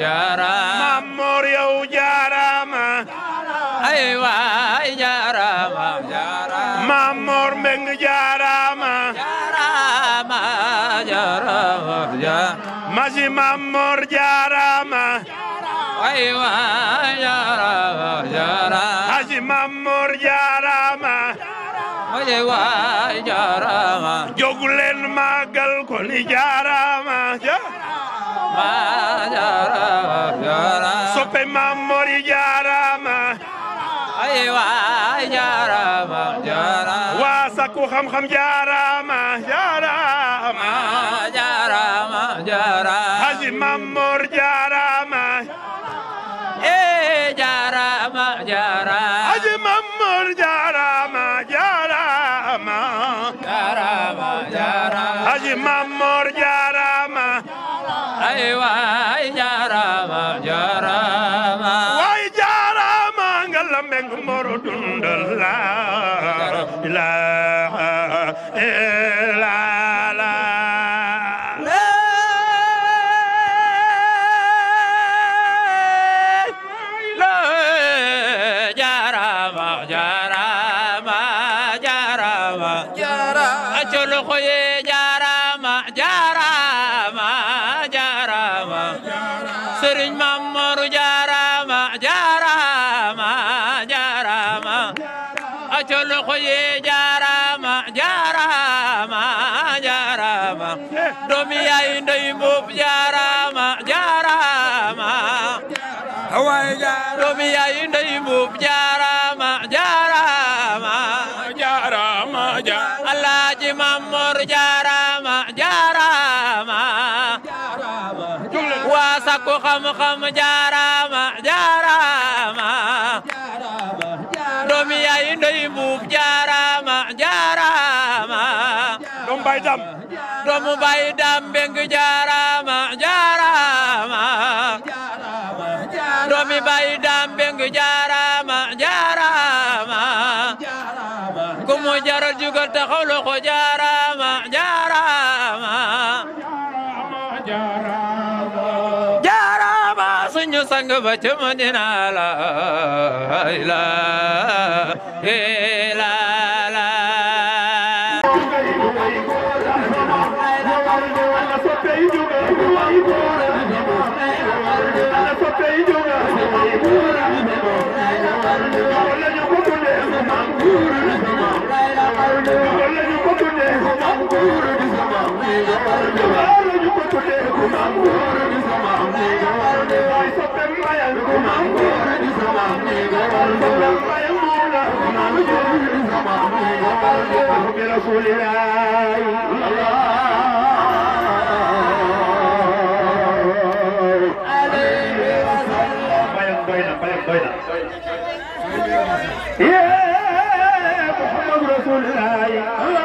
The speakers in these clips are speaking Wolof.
jaara maam moor moor jaaraama jaaraama jaaraama masi ko ni jaaraama jaaraama soppe Maam Mor jaaraama ay waay jaaraama jaaraama waa sakku xam-xam jaaraama jaaraama jaaraama jaaraama haji Maam Mor jaaraama eh jaaraama jaaraama a loxo ye jaarama jaarama jaarama doomi yaay ndey mbuub jaarama jaarama doomu bay dam beng jaarama jaarama doomi bay dam beng jaarama jaarama ku mu jaral jugal taxaw loxo jaarama jaarama jaarama suñu sang ba ca Madina la برسول الله يا محمد رسول الله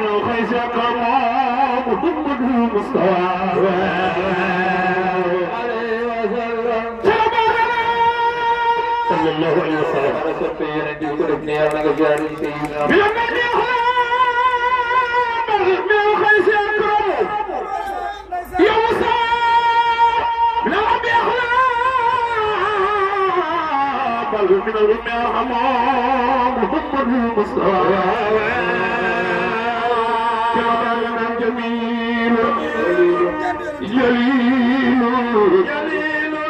الخيس قوام محمد المستوى صلى الله عليه وسلم من الرمي أرحمه محمد المصطفى جميل جليل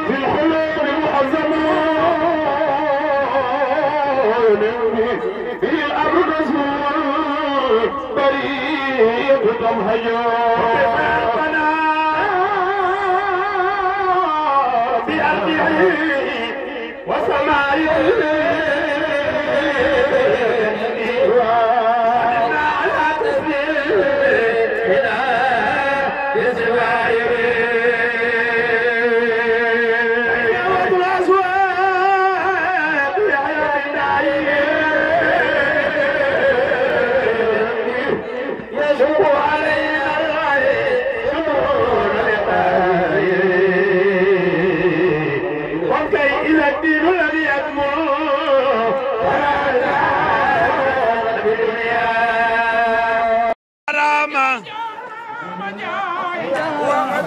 في الحلول الحزمان في الأرض بريق طمهجان وسماء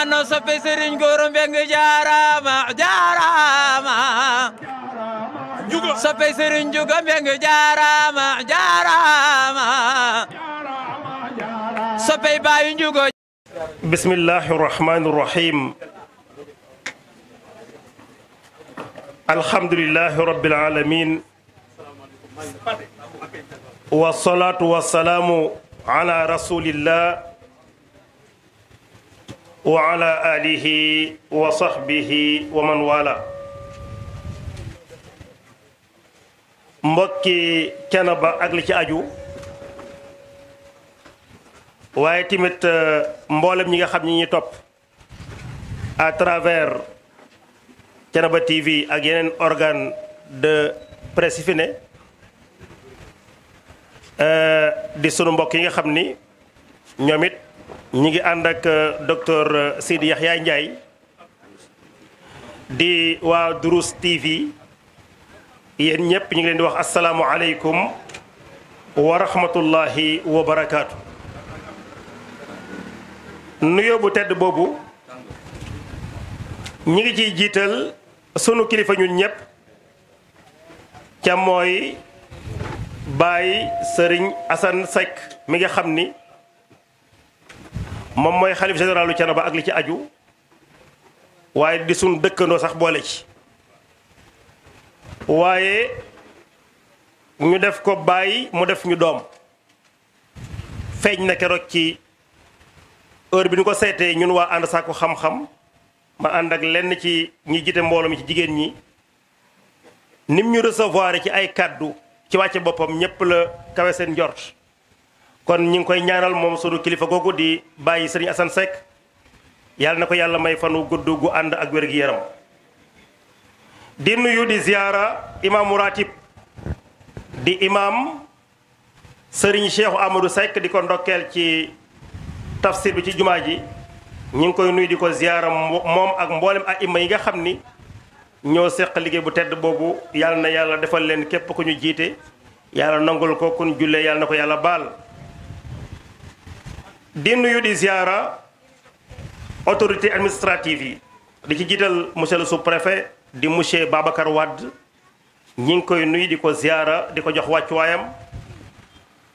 ano soppe Serigne Gora Mbengue jaarama jaarama juga soppe Serigne juga Mbengue jaarama jaarama soppe Baye Ndiouga bismillahi rahmani rahim alhamdulillahi rabbil alamin wassalatu wassalamu ala rasulillah wa ala alihi wa sahbihi wa man wala mbokki Thiénaba ak li ci aju waaye tamit euh, mboolem ñi nga xam ñi ñuy topp à travers Thiénaba TV ak yeneen organ de presse yi fi ne euh, di sunu mbokk yi nga xam ni ñoom ñi ngi ànd ak euh, docteur euh, Sidi Yaxya Ndiaye di waa Durus TV yéen ñëpp ñu ngi leen di wax asalaamualeykum wa rahmatullahi wa barakaatu. nuyoo bu tedd boobu ñi ngi ciy jiital sunu kilifa ñun ñëpp ca mooy Baay Sëriñ Assane Seck mi nga xam ni. moom mooy xalif généralu Thiénaba ak li ci aju waaye di suñ dëkkandoo sax boole ci waaye ñu def ko bàyyi mu def ñu doom feeñ na keroog ci heure bi ñu ko seetee ñun waa ànd sàkku xam-xam ma ànd ak lenn ci ñi jite mbooloo mi ci jigéen ñi nim ñu recevoir ci ay kàddu ci wàcce boppam ñépp la kawe seen njort kon ñi ngi koy ñaanal moom sunu kilifa googu di bàyyi sëriñ Assane Seck yàlla na ko yàlla may fanu gudd gu ànd ak wér gi yaram di nuyu di ziyaara imaamu ratib di imaam sëriñ Cheikhu Amadou sekk di ko ndokkeel ci tafsir bi ci jumaa ji ñi ngi koy nuyu di ko ziyaara moom ak mboolem ak ima yi nga xam ni ñoo seq liggéey bu tedd boobu yàlla na yàlla defal leen képp ku ñu jiite yàlla nangul ko kun jullee yàlla na ko yàlla baal di nuyu di ziara autorité administrative yi di ci jiital monsieur le sous-préfet di monsieur Babacar Wade ñi ngi koy nuyu di ko ziara di ko jox wàccuwaayam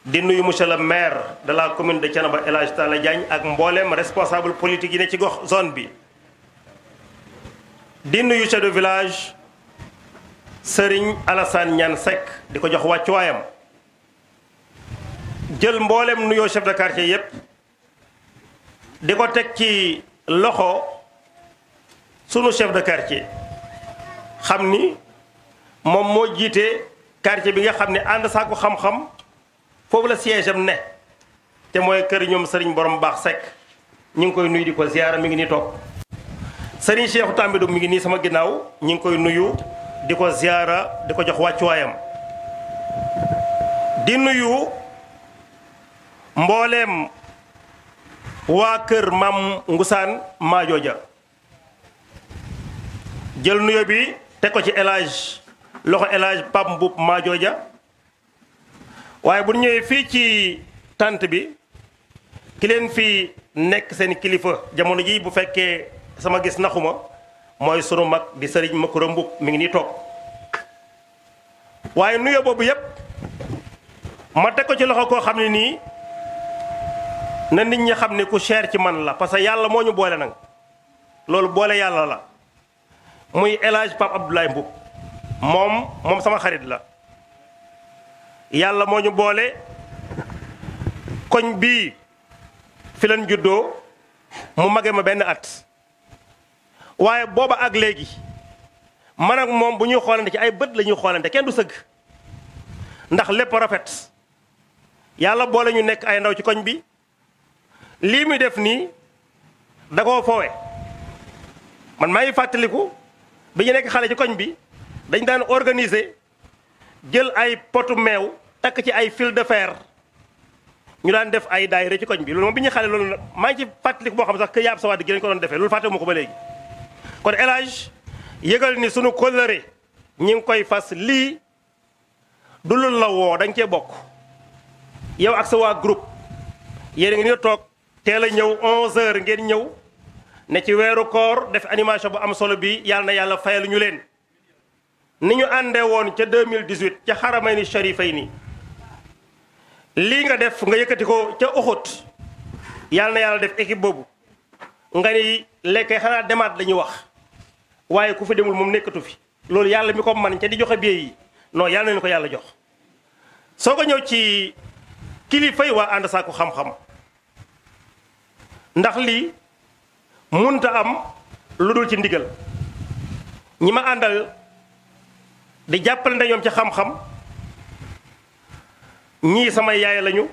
di nuyu monsieur le maire de la commune de Thiénaba El Hadj Talla Diagne ak mbooleem responsable politique yi ne ci gox zone bi di nuyu chef de village Serigne Alassane Niane Seck di ko jox wàccuwaayam jël mboolem nuyoo chef de quartier yépp di ko teg ci loxo sunu chef de quartier xam ni moom moo jiite quartier bi nga xam ne ànd saako xam-xam foofu la siège am ne te mooy kër ñoom sëriñ borom baax sekk ñu ngi koy nuyu di ko ziyaara mi ngi nii toog sëriñ Cheikhu Tambidou mi ngi nii sama ginnaaw ñu ngi koy nuyu di ko ziyaara di ko jox wàccuwaayam di nuyu mbooleem waa kër maam Ngusaan Maajooja jël nuyo bi teg ko ci élage loxo élage Pape Mboup Maajooja waaye bu ñëwee fii ci tant bi ki leen fi nekk seen kilifa jamono ji bu fekkee sama gis naxuma mooy sunu mag di sëriñ Makura Mboup mi ngi nii toog waaye nuyo boobu yépp ma teg ci loxo koo xam ne nii na nit ñi xam ne ku cher ci man la parce que yàlla moo ñu boole nag loolu boole yàlla la muy El Hadj Pape Abdoulaye moom moom sama xarit la yàlla moo ñu boole koñ bii fi juddoo mu mage ma benn at waaye booba ak léegi man ak moom bu ñuy xoolante ci ay bët lañuy ñuy xoolante kenn du sëgg ndax lépp rafet yàlla boole ñu nekk ay ndaw ci koñ bi lii muy def nii da koo foowe man maa ngi fàttaliku bi ñu nekk xale ci koñ bi dañ daan organiser jël ay pot meew takk ci ay fil de fer ñu daan def ay daayira ci koñ bi loolu moom bi ñu xale loolu maa ngi ci fàttaliku boo xam sax yaa yaab sawaat gi lañ ko doon defee loolu fàtte ma ko ba léegi kon El Hadj yëgal ni sunu kóllëre ñi ngi koy fas lii du lu la woo dañ cee bokk yow ak sa waa groupe yéen ngi nii toog teel la ñëw 11h ngeen ñëw ne ci weeru koor def animation bu am solo bi yàlla na yàlla fayal ñu leen. ni ñu àndee woon ca 2018 ca xaramayni nii lii nga def nga yëkkati ko ca Uxut yàlla na yàlla def équipe boobu nga ni lekkee xanaa demaat la wax waaye ku fi demul moom nekkatu fi loolu yàlla mi ko man ca di joxe bie yi non yàlla nañu ko yàlla jox soo ko ñëw ci kilifay waa ànd saako xam-xam. ndax lii munta am lu dul ci ndigal ñi ma àndal di jàppalante ñoom ci xam-xam ñii samay yaay lañu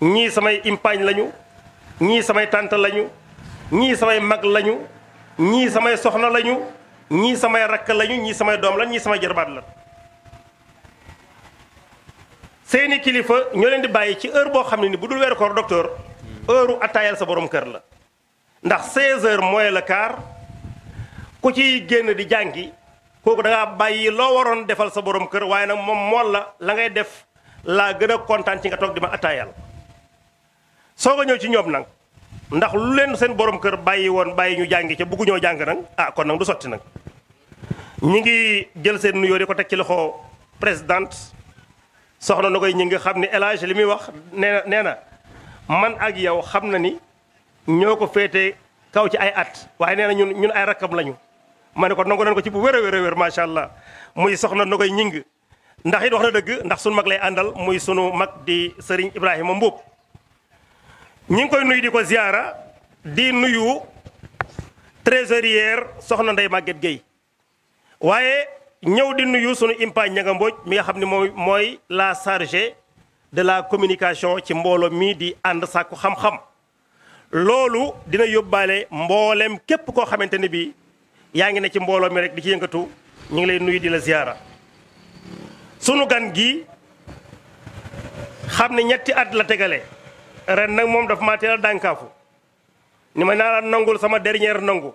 ñii samay impaañ lañu ñii samay tànt lañu ñii samay mag lañu ñii samay soxna lañu ñii samay rakk lañu ñii samay doom lañu ñii samay jarbaat la seeni kilifa ñoo leen di bàyyi ci heure boo xam ne ni bu dul weeru koor heure attaayal sa borom kër la ndax 16 heures mooy la quart ku ci génn di jàngi kooku da bàyyi loo waroon defal sa borom kër waaye nag moom mool la la ngay def laa gën a kontaan ci nga toog di ma attaayal soo ko ñëw ci ñoom nag ndax lu leen seen borom kër bàyyi woon bàyyi ñu jàngi ca bugguñoo jàng nag ah kon nag du sotti nag ñi ngi jël seen nuyoo di ko teg ci loxo présidente soxna na koy ñi nga xam ne El li muy wax nee nee na man ak yow xam na ni ñoo ko féete kaw ci ay at waaye nee na ñun ñun ay rakkam lañu ma ne ko nangu nañ ko ci bu wér a wér a allah muy soxna na koy ñing ndax it wax na dëgg ndax sunu mag lay àndal muy sunu mag di Serigne Ibrahima Mbuub ñi ngi koy nuyu di ko ziyaara di nuyu trésorière soxna Ndeye Maguette Gueye waaye ñëw di nuyu sunu impa ñanga Mbodj mi nga xam ne mooy mooy la chargée de la communication ci mbooloo mii di ànd sàkku xam-xam loolu dina yóbbaale mboolem képp koo xamante ni bii yaa ngi ne ci mbooloo mi rek di ci yëngatu ñu ngi lay nuyu di la ziyaara sunu gan gi xam ne ñetti at la tegale ren nag moom dafa maa teel a dànkaafu ni ma naa la nangul sama dernière nangu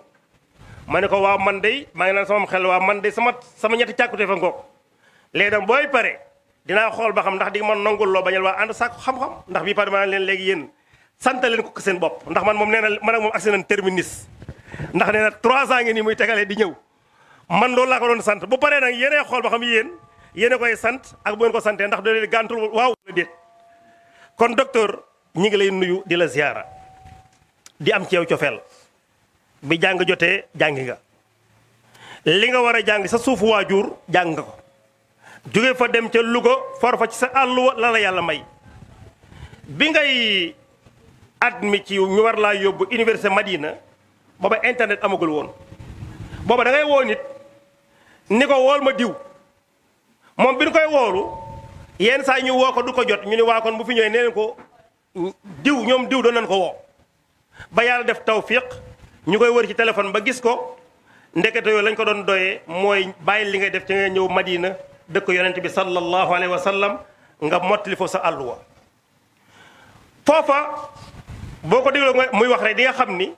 ma ne ko waa man dey maa ngi naan sama xel waa man dey sama sama ñetti càkkute fa ngoog léegi booy pare dinaa xool ba xam ndax di man nangul loo bañal waa ànd sàkku xam-xam ndax bii par maa leen léegi yéen sant leen ko seen bopp ndax man moom nee na man ak moom agsi nañ terminus ndax nee na trois ans ngeen ni muy tegalee di ñëw man loolu laa ko doon sant bu paree nag yéenee xool ba xam yen yéene koy sant ak boo ngeen ko santee ndax doo leen gàntul waaw la déet kon docteur ñi ngi lay nuyu di la ziyaara di am ci yow cofeel bi jàng jotee jàngi nga li nga war a jàng sa suufu waajur jàng nga jóge fa dem ca Louga for ci sa àll la la yàlla may bi ngay admis ci ñu war laa yóbbu université Madina booba internet amagul woon booba da ngay woo nit ni ko wool ma diw moom bi ñu koy woolu yenn saa ñu woo ko du ko jot ñu ni waa kon bu fi ñëwee nee ko diw ñoom diw doon nañ ko woo ba yàlla def tawfiq ñu koy wër ci téléphone ba gis ko ndekete yooyu lañ ko doon doyee mooy bàyyi li ngay def ci nga ñëw Madina dëkk yonent bi sallallahu alayhi wa sallam nga mottili foofu sa àlluwa foofa boo ko dégloo muy wax rek di nga xam ni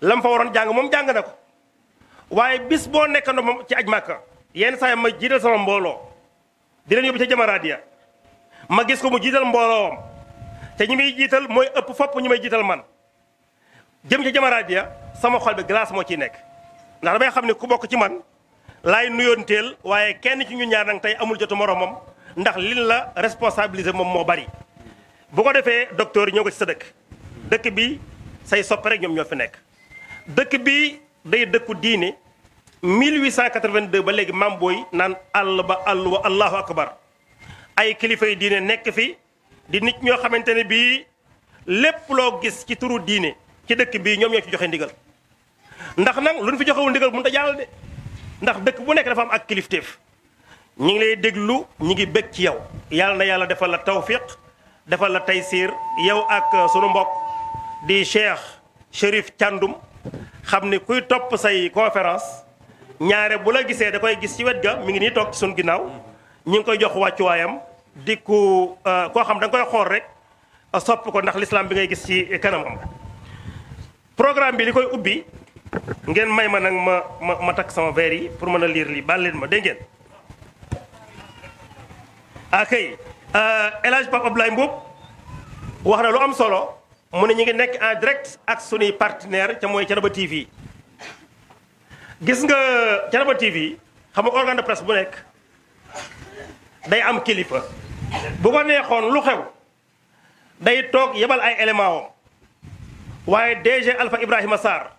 lam fa waroon jàng moom jàng na ko waaye bis boo nekkandoo moom ci aj màkka yenn saa ma jiital sama mbooloo di ca jamaraat ya ko mu jiital mbooloowam te ñi muy jiital mooy ëpp fopp ñi may jiital man jëm ca jamaraat ya sama xol bi glace moo ciy nekk ndax damay xam ni ku bokk ci man laay nuyoonteel waaye kenn ci ñu ñaar nag tey amul jotu moromam ndax lin la responsabiliser moom moo bari bu ko defee docteur ñëw ko ci sa dëkk dëkk bi say soppe rek ñoom ñoo fi nekk dëkk bi day dëkku diine 1882 ba léegi maam booy naan àll ba àll wa allahu akbar ay kilifa yi diine nekk fi di nit ñoo xamante ne bii lépp loo gis ci turu diine ci dëkk bii ñoom ñoo ci joxe ndigal ndax nag lu ñu fi joxewul ndigal mënut a jàll de ndax dëkk bu nekk dafa am ak kilifteef ñi ngi lay déglu ñi ngi bëgg ci yow yàlla na yàlla defal la tawfiq defal la taysiir yow ak uh, sunu mbokk di cheikh Chérif càndum xam ni kuy topp say conférence ñaare bu la gisee da koy gis ci wet ga mi ngi nii toog ci ginnaaw ñi ngi koy jox wàccuwaayam di uh, koo xam da koy xool rek sopp ko ndax l'islam bi ngay gis ci kanamam programme bi li koy ubbi ngeen may ma nag ma ma ma takk sama verre yi pour mën a liir lii baal leen ma dégg ngeen akay ah, euh, El Hadj Pape Abdoulaye wax na lu am solo mu ne ñu ngi nekk en direct ak sunuy partenaire ca mooy Thiénaba TV gis nga Thiénaba TV xam nga organe de presse bu nekk day am kilifa bu ko neexoon lu xew day toog yebal ay élément wam waaye DG Alpha Ibrahima saar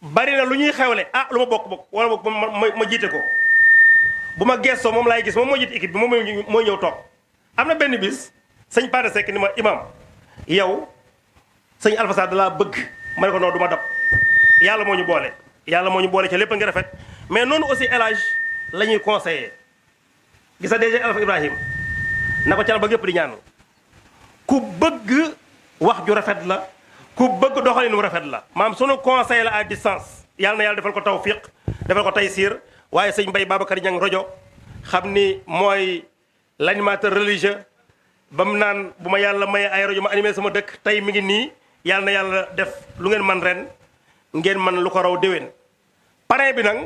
bari na lu ñuy xewle ah lu ma bokk bokk wala bokk ma ma jiite ko bu ma gestoo moom laay gis moom moo jiite équipe bi moom mooy ñëw toog am na benn bis sañ Paate Seck ni ma imam yow sëñ Alpha Sarr dalaa bëgg ma ne ko noonu du dab yàlla moo ñu boole yàlla moo ñu boole ca lépp nga rafet mais noonu aussi élage la ñuy conseillé gisa DG Alpha Ibrahim na ko ca la ba gépp di ñaanu ku bëgg wax ju rafet la ku bëgg doxalin wu rafet la maam sunu conseil a à distance yàlla na yàlla defal ko tawfiq defal ko siir waaye sañ mbay Babacar Niang rajo xam ni mooy l'animateur religieux ba mu naan bu ma yàlla maye ay rajo ma animé sama dëkk tey mi ngi nii yàlla na yàlla def lu ngeen man ren ngeen man lu ko raw deween parrain bi nag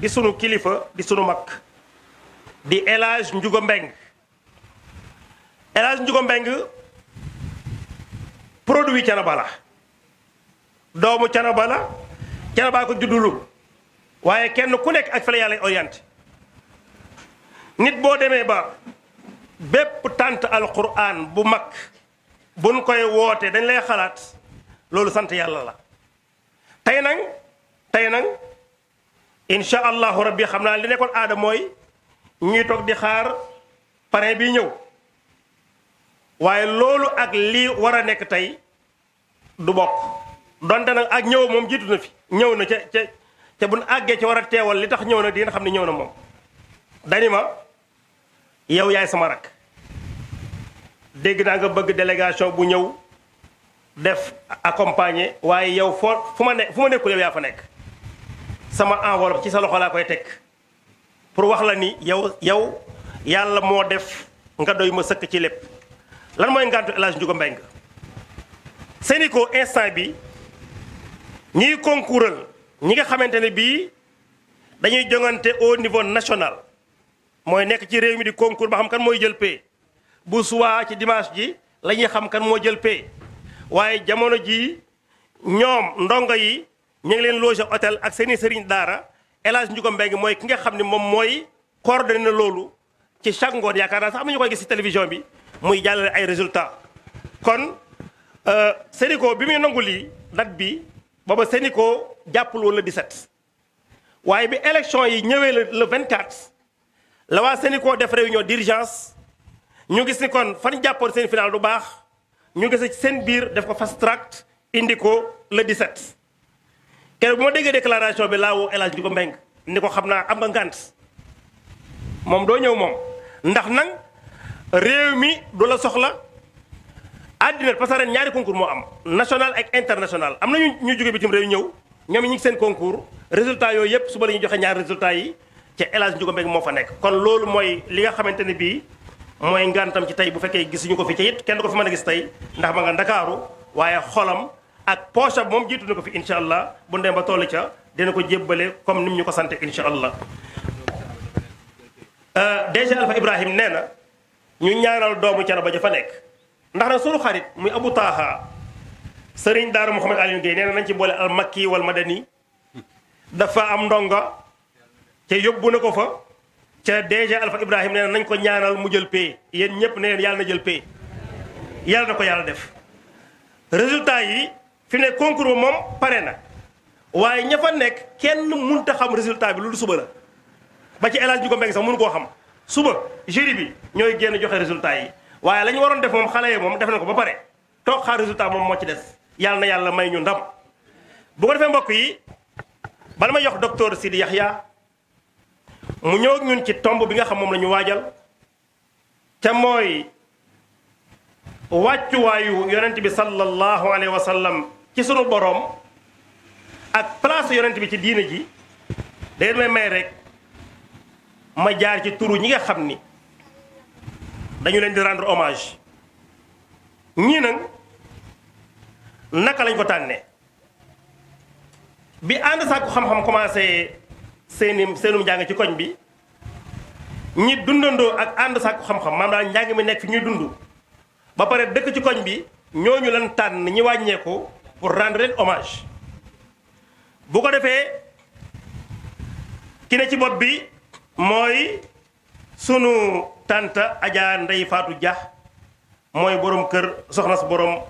di sunu kilifa di sunu mag di El Hadj Ndiouga Mbeng El Hadj Ndiouga Mbeng produit Thiénaba la doomu canaba la canabaa ko juddulu waaye kenn ku nekk ak fa la yàlla orienté nit boo demee ba bépp tànt alquran bu mag buñ koy wootee dañ lay xalaat loolu sant yàlla la tey nag tey nag incha allahu rabbi xam naa li nekkoon aada mooy ñuy toog di xaar pare bi ñëw waaye loolu ak lii war a nekk tey du bokk donte nag ak ñëw moom jiitu na fi ñëw na ca ca ca bu nu àggee ca war a teewal li tax ñëw na di nga xam ne ñëw na moom dani ma yow yaay sama rak dégg naa nga bëgg délégation bu ñëw def accompagner waaye yow foo fu ma ne fu ma nekkul yow yaa fa nekk sama enveloppe ci sa loxo laa koy teg pour wax la ni yow yow yàlla moo def nga doy ma sëkk ci lépp lan mooy ngantu El Hadj Ndiouga Mbengue Sénico instant bi ñiy concoural ñi nga xamante ne bii dañuy jongante au niveau national mooy nekk ci réew mi di concours ba xam kan mooy jël pay bu suwaa ci dimanche ji lañuy xam kan moo jël pay waaye jamono jii ñoom ndongo yi ñu ngi leen loger hôtel ak seeni sëriñ daara El Hadj Ndiouga Mbengue mooy ki nga xam ne moom mooy coordonné loolu ci chaque ngoon yaakaar naa sax am na ñu koy gis ci télévision bi muy jàllale ay résultats kon euh, Sénico bi muy nangu lii date bi booba Sénico jàppul woon la 17 waaye bi élection yi ñëwee la le 24 lawaa waa Sénico def ñoo d'urgence ñu gis ni kon fan jàppoon seen final du baax ñu gis seen biir def ko fast track indi ko le 17. keroog bu ma déggee déclaration bi laa woo El Hadj Ndiouba Mbengue ni ko xam naa am nga ngant moom doo ñëw moom ndax nag réew mi du la soxla. àddina parce ñaari concours moo am national ak international am na ñu ñu jóge bitim réew ñëw ñoom ñu ngi seen concours résultat yooyu yëpp suba la ñuy joxe ñaari résultat yi ca El Hadj Ndiouga Mbengue moo fa nekk. kon loolu mooy li nga xamante ne bii mooy ngantam ci tey bu fekkee gisuñu ko fi ci it kenn ko fi mën a gis tey ndax ma nga ndakaaru waaye xolam ak poosam moom jiitu na ko fi incha allah bu ndem ba toll ca dina ko jébbale comme ni mu ñu ko sante incha allah. Euh, DG Alpha Ibrahim nee na ñu ñaanal doomu Thiénaba ja fa nekk. ndax nag sunu xarit muy Abu Taaha sëriñ Daara Mouhamed Alioune Gueye nee nañ ci boole al makki wal madani dafa am ndonga ca yóbbu na ko fa ca DG Alpha Ibrahim nee na nañ ko ñaanal mu jël pay yéen ñëpp ne leen yàlla na jël pay yàlla na ko yàlla def. résultat yi fi ne concours moom pare na waaye ña fa nekk kenn mënut a xam résultat bi loolu suba la ba ci El Hadj Ndiouga Mbengue sax mun koo xam suba jury bi ñooy génn joxe résultat yi. waaye lañu waroon def moom xale yi moom def na ko ba pare toog xaar résultat moom moo ci des yàlla na yàlla may ñu ndam bu ko defee mbokk yi bala ma yox docteur Sidi Yaxya mu ñëw ñun ci tomb bi nga xam moom la ñu waajal te mooy wàccuwaayu yonent bi sallallahu alayhi wa sallam ci sunu boroom ak place yonent bi ci diine ji day may may rek ma jaar ci turu ñi nga xam ni dañu leen di rendre hommage ñii nag naka lañ ko tànnee bi ànd sàkku xam-xam commencé seeni seenum njàng ci koñ bi ñi dundandoo ak ànd sàkku xam-xam maam daal njàng mi nekk fi ñuy dund ba pare dëkk ci koñ bi ñooñu lan tànn ñi wàññeeku pour rendre leen bu ko defee ki ne ci bopp bi mooy sunu tanta Adja ndey faatu Dia mooy boroom kër soxna si borom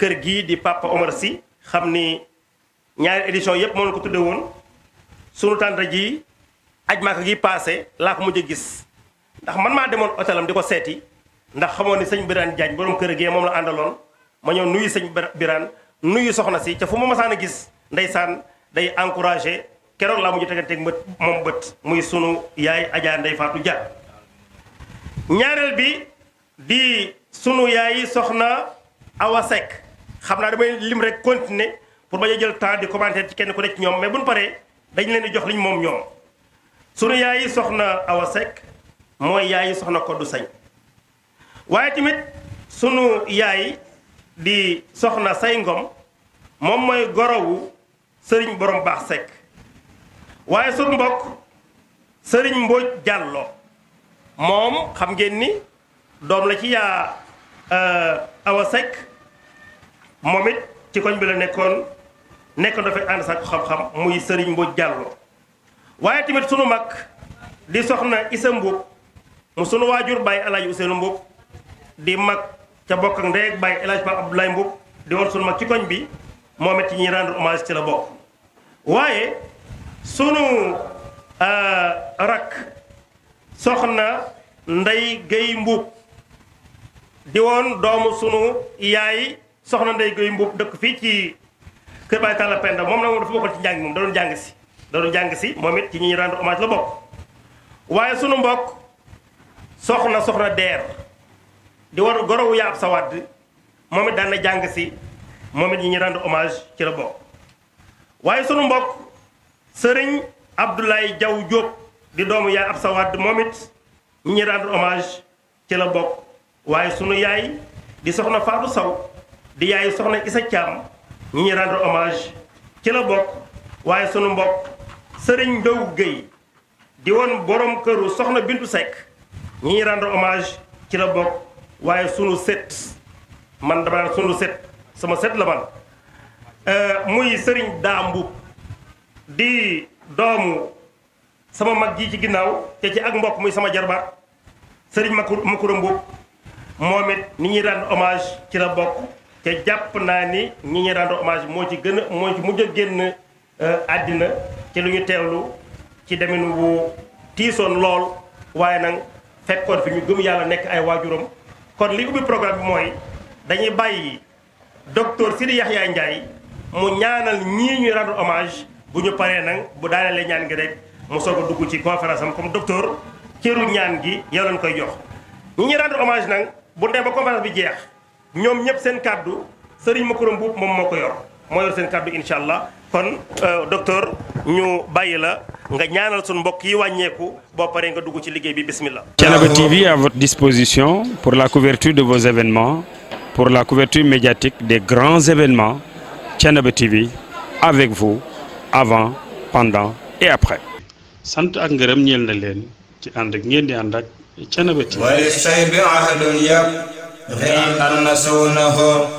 kër gii di Papa Omar Sy xam ni ñaari édition yépp moo ko tudde woon sunu tànta ji aj maaka gi paase laa ko mujj gis ndax man maa demoon otelam di ko seeti ndax xamoon ni sëñ Birane Diagne borom kër gee moom la àndaloon ma ñëw nuyu sëñ Birane nuyu soxna si ca fu ma masaan a gis ndeysaan day encouragé keroog laa mujj teganteeg mbët moom bët muy sunu yaay Adja Ndeye faatu Dia ñaareel bi di sunu yaay soxna Awa Seck xam naa damay lim rek continuer pour ba a jël temps di commenter ci kenn ku nekk ci ñoom mais buñ paree dañ leen di jox liñ moom ñoom sunu yaay soxna Awa Seck mooy yaay soxna Koddu Sañ waaye tamit sunu yaay di soxna Say Ngom moom mooy gorowu sëriñ borom baax Seck waaye su mbokk sëriñ Mbóoj jàlloo moom xam ngeen ni doom la ci yaa euh, Awa Seck moom it ci koñ bi la nekkoon nekkoon dafay ànd sax xam-xam muy Serigne Mbodj Diallo waaye tamit sunu mag di soxna Issa Mboup mu sunu waajur bàyyi El Hadj Ousseynou Mboup di mag ca bokk ak ndey ak bàyyi El Hadj Pape Abdoulaye Mboup di woon sunu mag ci koñ bi moom it ci ñuy rendre hommage ci la bokk waaye sunu euh, rakk. soxna nday Gey Mbuub di woon doomu sunu yaay soxna Ndey Gey Mbuub dëkk fii ci kër Baay Talla Penda moom la moom dafa bokkoon ci njàng moom da doon jàng si da jàng si moom it ci ñi ñu rendre hommage waaye sunu mbokk soxna soxna deer di war gorowu yaab sa moom it jàng si moom it ñi ñu rendre ci la bokk waaye sunu mbokk sëriñ Abdoulaye Jaw Jóob di doomu yaay Absa Wade moom it ñi ñuy rendre hommage ci la bokk waaye sunu yaay di soxna Fatou Sow di yaay soxna Issa Thiam ñi ñuy rendre hommage ci la bokk waaye sunu mbokk Serigne Ndiow Guèye di woon borom këru soxna Bintu sekk ñi ñuy rendre hommage ci la bokk waaye sunu set man dama sunu set sama set la man euh, muy Serigne Daa Mboup di doomu. sama mag ji ci ginnaaw te ci ak mbokk muy sama jarbaat sëriñ Makur Makura Mbuub moom it ni ñuy rendre hommage ci la bokk te jàpp naa ni ñi ñuy rendre hommage moo ci gën moo ci mujj a génn euh, àddina ci lu ñu teewlu ci demin wu tiisoon lool waaye nag fekkoon fi ñu gëm nekk ay waajuram kon li ubbi bi mooy dañuy bàyyi docteur Sidi Yaxya Ndiaye mu ñaanal ñii ñuy rendre hommage bu ñu paree nag bu daanelee ñaan gi rek. mu soog a dugg ci conférence am comme docteur cëru ñaan gi yow lañ koy jox. ñi ñuy rendre hommage nag bu ndee ba conférence bi jeex ñoom ñëpp seen kàddu sëriñ Makoura Mboup moom moo ko yor moo yor seen kàddu incha allah kon euh, docteur ñu bàyyi la. nga ñaanal suñu mbokk yi wàññeeku boo paree nga dugg ci liggéey bi bismillah. Thiénaba TV à votre disposition pour la couverture de vos événements pour la couverture médiatique des grands événements Thiénaba TV avec vous avant pendant et sant ak ngërëm ñeel na leen ci ànd ak ngeen di ànd ak Thiénaba TV wali say bi ahadun yab ri an annasuunahu